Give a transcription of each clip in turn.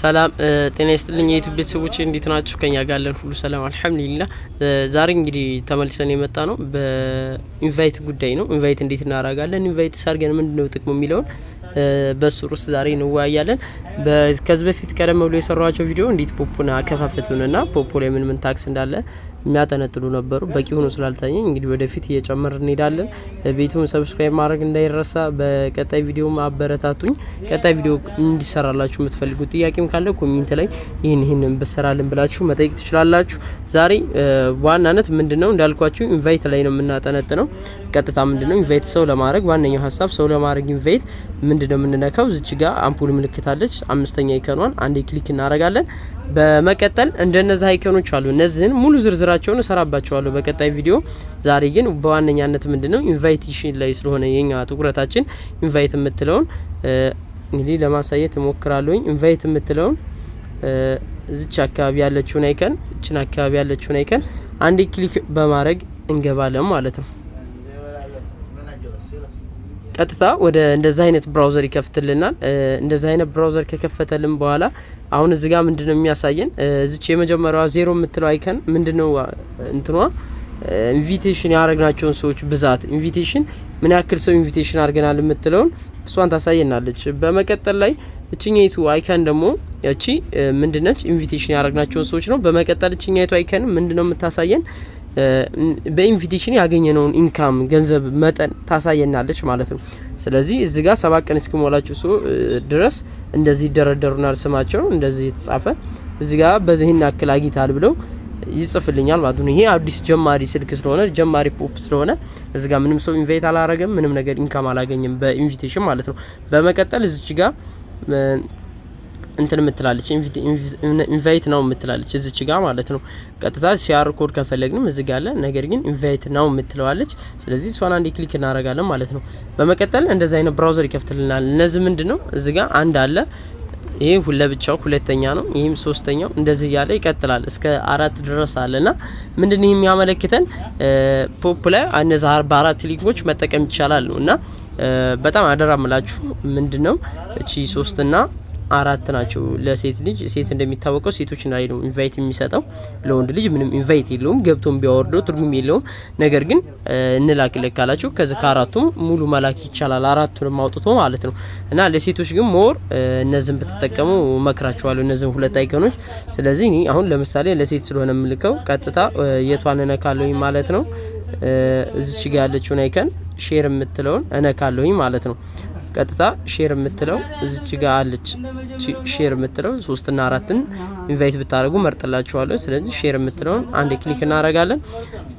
ሰላም ጤና ይስጥልኝ የዩቱብ ቤተሰቦች እንዴት ናችሁ? ከኛ ጋር ያለን ሁሉ ሰላም አልሐምዱሊላ። ዛሬ እንግዲህ ተመልሰን የመጣ ነው በኢንቫይት ጉዳይ ነው። ኢንቫይት እንዴት እናደርጋለን፣ ኢንቫይት ሳርገን ምንድነው ጥቅሙ የሚለውን በሱ ርዕስ ዛሬ እንወያያለን። ከዚህ በፊት ቀደም ብሎ የሰራቸው ቪዲዮ እንዴት ፖፑን አከፋፈቱንና ፖፖ ላይ ምን ምን ታክስ እንዳለ የሚያጠነጥሉ ነበሩ። በቂ ሆኖ ስላልታየ እንግዲህ ወደፊት እየጨመር እንሄዳለን። ቤቱን ሰብስክራይብ ማድረግ እንዳይረሳ። በቀጣይ ቪዲዮ አበረታቱኝ። ቀጣይ ቪዲዮ እንዲሰራላችሁ የምትፈልጉት ጥያቄም ካለ ኮሜንት ላይ ይህን ይህን ብሰራልን ብላችሁ መጠየቅ ትችላላችሁ። ዛሬ ዋናነት ምንድነው እንዳልኳችሁ ኢንቫይት ላይ ነው የምናጠነጥነው። ቀጥታ ምንድነው ኢንቫይት ሰው ለማድረግ ዋነኛው ሀሳብ ሰው ለማድረግ ኢንቫይት ምንድነው የምንነካው? ዝች ጋ አምፑል ምልክት አለች። አምስተኛ አይከኗን አንዴ ክሊክ እናደርጋለን። በመቀጠል እንደነዚህ አይከኖች አሉ። እነዚህን ሙሉ ዝርዝራቸውን እሰራባቸዋለሁ በቀጣይ ቪዲዮ። ዛሬ ግን በዋነኛነት ምንድነው ኢንቫይቴሽን ላይ ስለሆነ የኛ ትኩረታችን ኢንቫይት የምትለውን እንግዲህ ለማሳየት እሞክራለሁኝ። ኢንቫይት የምትለውን እዚች አካባቢ ያለችውን አይከን እችን አካባቢ ያለችውን አይከን አንዴ ክሊክ በማድረግ እንገባለን ማለት ነው። ቀጥታ ወደ እንደዚህ አይነት ብራውዘር ይከፍትልናል። እንደዚህ አይነት ብራውዘር ከከፈተልን በኋላ አሁን እዚህ ጋር ምንድነው የሚያሳየን? እዚች የመጀመሪያዋ ዜሮ የምትለው አይከን ምንድነው እንትኗ ኢንቪቴሽን ያደረግናቸውን ሰዎች ብዛት፣ ኢንቪቴሽን ምን ያክል ሰው ኢንቪቴሽን አድርገናል የምትለውን እሷን ታሳየናለች። በመቀጠል ላይ እችኛይቱ አይከን ደግሞ እቺ ምንድነች? ኢንቪቴሽን ያደረግናቸውን ሰዎች ነው። በመቀጠል እችኛይቱ አይከን ምንድነው የምታሳየን በኢንቪቴሽን ያገኘነውን ኢንካም ገንዘብ መጠን ታሳየናለች ማለት ነው። ስለዚህ እዚ ጋር ሰባት ቀን እስኪሞላችሁ ሰው ድረስ እንደዚህ ይደረደሩናል። ስማቸው እንደዚህ የተጻፈ እዚ ጋ በዚህን አክል አግኝታል ብለው ይጽፍልኛል ማለት ነው። ይሄ አዲስ ጀማሪ ስልክ ስለሆነ ጀማሪ ፖፕ ስለሆነ እዚ ጋ ምንም ሰው ኢንቫይት አላረገም፣ ምንም ነገር ኢንካም አላገኘም በኢንቪቴሽን ማለት ነው። በመቀጠል እዚች ጋር እንትን ምትላለች ኢንቫይት ነው ምትላለች እዚች ጋር ማለት ነው። ቀጥታ ሲያር ኮድ ከፈለግንም እዚ ጋ አለ። ነገር ግን ኢንቫይት ነው ምትለዋለች። ስለዚህ እሷን አንድ ክሊክ እናደርጋለን ማለት ነው። በመቀጠል እንደዚህ አይነት ብራውዘር ይከፍትልናል። እነዚህ ምንድን ነው እዚ ጋ አንድ አለ ይሄ ሁለብቻው ሁለተኛ ነው። ይህም ሶስተኛው እንደዚህ እያለ ይቀጥላል እስከ አራት ድረስ ና ምንድን ይህ የሚያመለክተን ፖፕ ላይ እነዚ በአራት ሊንኮች መጠቀም ይቻላል ነው እና በጣም አደራ ምላችሁ ምንድን ነው እቺ ሶስትና አራት ናቸው። ለሴት ልጅ ሴት እንደሚታወቀው ሴቶች ላይ ነው ኢንቫይት የሚሰጠው። ለወንድ ልጅ ምንም ኢንቫይት የለውም፣ ገብቶም ቢያወርደው ትርጉም የለውም። ነገር ግን እንላክልህ ካላችሁ ከዚህ ከአራቱም ሙሉ መላክ ይቻላል፣ አራቱንም አውጥቶ ማለት ነው። እና ለሴቶች ግን ሞር እነዚህን ብትጠቀሙ መክራችኋለሁ፣ እነዚህን ሁለት አይከኖች። ስለዚህ አሁን ለምሳሌ ለሴት ስለሆነ የምልከው ቀጥታ የቷን እነካለሁኝ ማለት ነው። እዚች ጋ ያለችውን አይከን ሼር የምትለውን እነካለሁኝ ማለት ነው። ቀጥታ ሼር የምትለው እዚች ጋ አለች። ሼር የምትለው ሶስትና አራትን ኢንቫይት ብታደረጉ መርጥላችኋለሁ። ስለዚህ ሼር የምትለውን አንድ ክሊክ እናደረጋለን።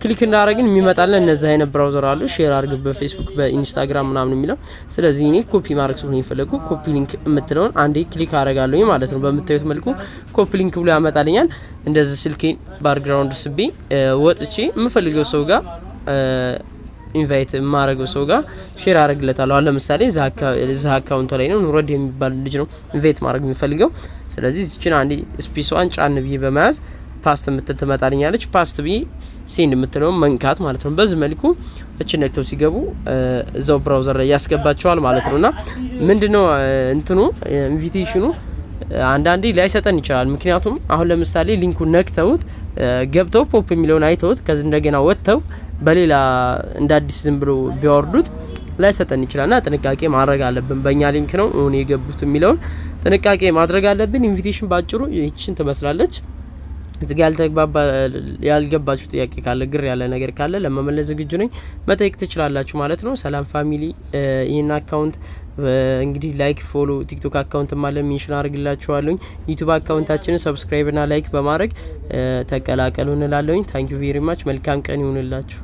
ክሊክ እንዳደረግን የሚመጣለን እነዚህ አይነት ብራውዘር አሉ። ሼር አድርግ በፌስቡክ በኢንስታግራም ምናምን የሚለው ስለዚህ እኔ ኮፒ ማድረግ ሲሆን የፈለጉ ኮፒ ሊንክ የምትለውን አንዴ ክሊክ አደረጋለሁኝ ማለት ነው። በምታዩት መልኩ ኮፒ ሊንክ ብሎ ያመጣልኛል። እንደዚህ ስልኬን ባክግራውንድ ስቤ ወጥቼ የምፈልገው ሰው ጋር ኢንቫይት የማረገው ሰው ጋር ሼር አረግለታለሁ። አሁን ለምሳሌ እዚህ አካውንት ላይ ነው ኑረድ የሚባል ልጅ ነው ኢንቫይት ማድረግ የሚፈልገው። ስለዚህ ችን አንዴ ስፔሷን ጫን ብዬ በመያዝ ፓስት የምትል ትመጣልኛለች። ፓስት ብዬ ሴንድ የምትለውን መንካት ማለት ነው። በዚህ መልኩ እችን ነክተው ሲገቡ እዛው ብራውዘር ላይ ያስገባቸዋል ማለት ነው። እና ምንድነው እንትኑ ኢንቪቴሽኑ አንዳንዴ ላይሰጠን ይችላል። ምክንያቱም አሁን ለምሳሌ ሊንኩ ነክተውት ገብተው ፖፕ የሚለውን አይተውት ከዚህ እንደገና ወጥተው በሌላ እንደ አዲስ ዝም ብሎ ቢያወርዱት ላይሰጠን ይችላልና ጥንቃቄ ማድረግ አለብን። በእኛ ሊንክ ነው ሆን የገቡት የሚለውን ጥንቃቄ ማድረግ አለብን። ኢንቪቴሽን ባጭሩ ይችን ትመስላለች። እዚህ ጋር ያልተግባባ ያልገባችሁ ጥያቄ ካለ ግር ያለ ነገር ካለ ለመመለስ ዝግጁ ነኝ፣ መጠየቅ ትችላላችሁ ማለት ነው። ሰላም ፋሚሊ፣ ይህን አካውንት እንግዲህ ላይክ፣ ፎሎ፣ ቲክቶክ አካውንት ማለ ሜንሽን አድርግላችኋለሁኝ። ዩቱብ አካውንታችንን ሰብስክራይብ ና ላይክ በማድረግ ተቀላቀሉ እንላለሁኝ። ታንኪዩ ቬሪ ማች። መልካም ቀን ይሁንላችሁ።